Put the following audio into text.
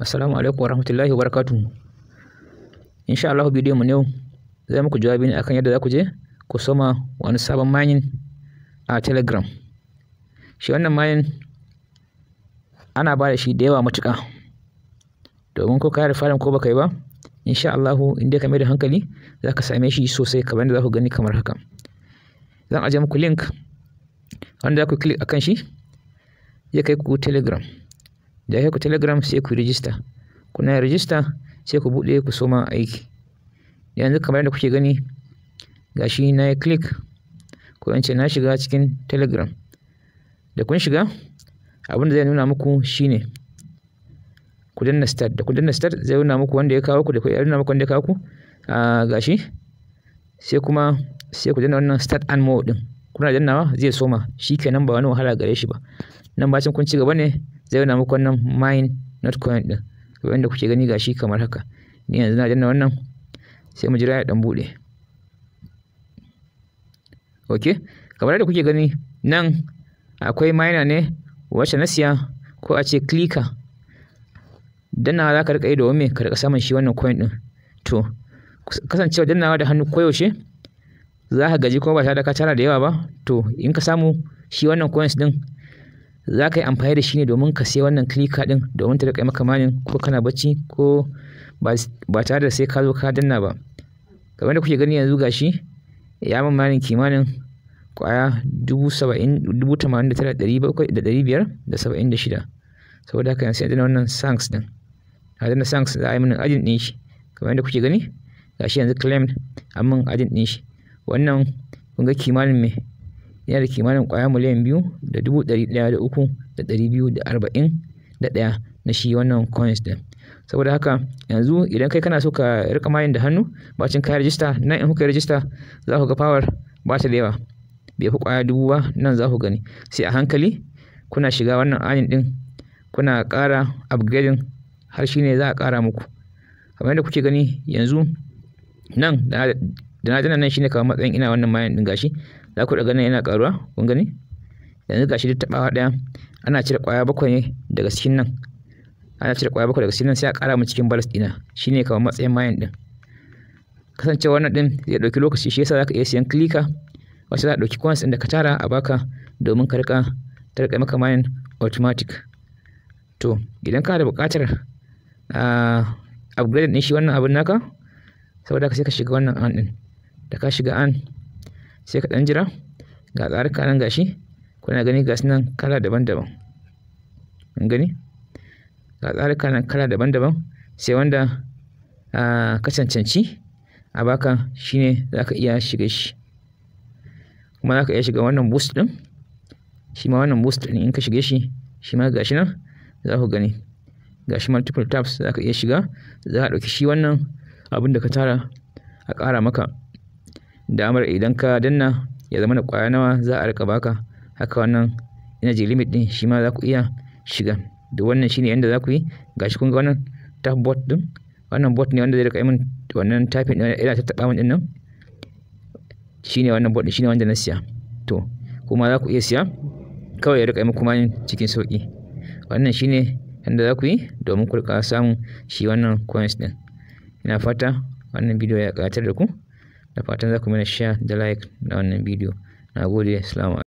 Assalamu alaikum warahmatullahi wabarakatuh. Insha Allah bidiyon mu ne zai muku jawabi ne akan yadda za ku je ku soma wani sabon mining a Telegram. Shi wannan mining ana ba da shi da yawa matuƙa. Domin ko ka farin ko baka yi ba, insha Allah in dai ka mai da hankali za ka same shi sosai kamar yadda za ku gani kamar haka. Zan aje muku link wanda za ku click akan shi ya kai ku Telegram. da ku telegram sai ku rijista kuna rijista sai ku buɗe ku soma aiki yanzu kamar da kuke gani gashi na yi click ko in na shiga cikin telegram da kun shiga abin da zai nuna muku shine ku danna start da ku danna start zai nuna muku wanda ya kawo ku da ku nuna muku wanda ya kawo ku a ah, gashi sai kuma sai ku danna wannan start and more din kuna dannawa zai soma shi kenan ba wani wahala gare shi ba nan bacin kun ci gaba ne zai nuna muku wannan mine not coin din wanda kuke gani gashi kamar haka ni yanzu na danna wannan sai mu jira ya dan bude okay kamar da kuke gani nan akwai miner ne wacce na siya ko a ce clicker dannawa za ka rika yi domin ka rika samun shi wannan coin din to kasancewa dannawa da hannu koyaushe za ka gaji kuma ba tare da ka tara da yawa ba to in ka samu shi wannan coins din za ka yi amfani da shi ne domin ka sai wannan clicker din domin ta rika maka manin ko kana bacci ko ba tare da sai ka zo ka danna ba kamar da kuke gani yanzu gashi ya min manin kimanin kwaya dubu saba'in dubu tamanin da tara ɗari bakwai da ɗari biyar da saba'in da shida saboda haka yanzu na wannan sanks din a danna sanks za a yi mini ajin ɗin shi kamar yadda kuke gani gashi yanzu claimed an min ajin ɗin shi wannan kun ga kimanin me yana da kimanin ƙwaya miliyan biyu da dubu ɗari ɗaya da uku da ɗari biyu da arba'in da ɗaya na shi wannan coins ɗin saboda haka yanzu idan kai kana so ka rika mayin da hannu bacin ka rijista nan in kuka rijista za ku ga power ba ta da yawa bai fi kwaya dubu ba nan za ku gani sai a hankali kuna shiga wannan anin ɗin kuna kara upgrading har shi ne za a ƙara muku kamar yadda kuke gani yanzu nan da da na tana nan shine kamar matsayin ina wannan mayan din gashi za ku daga nan yana karuwa kun gani yanzu gashi duk tabawa daya ana cire kwaya bakwai daga cikin nan ana cire kwaya bakwai daga cikin nan sai a kara mu cikin balas dina shine kamar matsayin mayan din kasancewa wannan din zai dauki lokaci shi yasa zaka iya siyan clicker wasu za a dauki coins din da ka tara a baka domin ka rika ta rika maka mayan automatic to idan ka da buƙatar ah, upgrade din shi wannan abin naka saboda ka sai ka shiga wannan an din da ka shiga an sai ka dan jira ga tsaruka nan gashi kuna gani gasu nan kala daban-daban kun gani ga tsaruka nan kala daban-daban sai wanda ka cancanci a baka shine za ka iya shiga shi kuma za ka iya shiga wannan boost din shi ma wannan boost din in ka shige shi shi ma gashi nan za ku gani gashi multiple tabs za ka iya shiga za ka ɗauki shi wannan abin da ka tara a ƙara maka damar idan ka danna ya zama na ƙwaya nawa za a rika baka haka wannan energy limit din shi ma za ku iya shiga da wannan shine yanda za ku yi gashi kun ga wannan tap bot din wannan bot ne wanda zai rika yi min wannan typing din ina ta taba min din nan shine wannan bot din shine wanda na siya to kuma za ku iya siya kawai ya rika yi muku kuma cikin sauki wannan shine yanda za ku yi domin ku rika samun shi wannan coins din ina fata wannan bidiyo ya karatar da ku da fatan za ku mana share da like na wannan bidiyo na gode salamu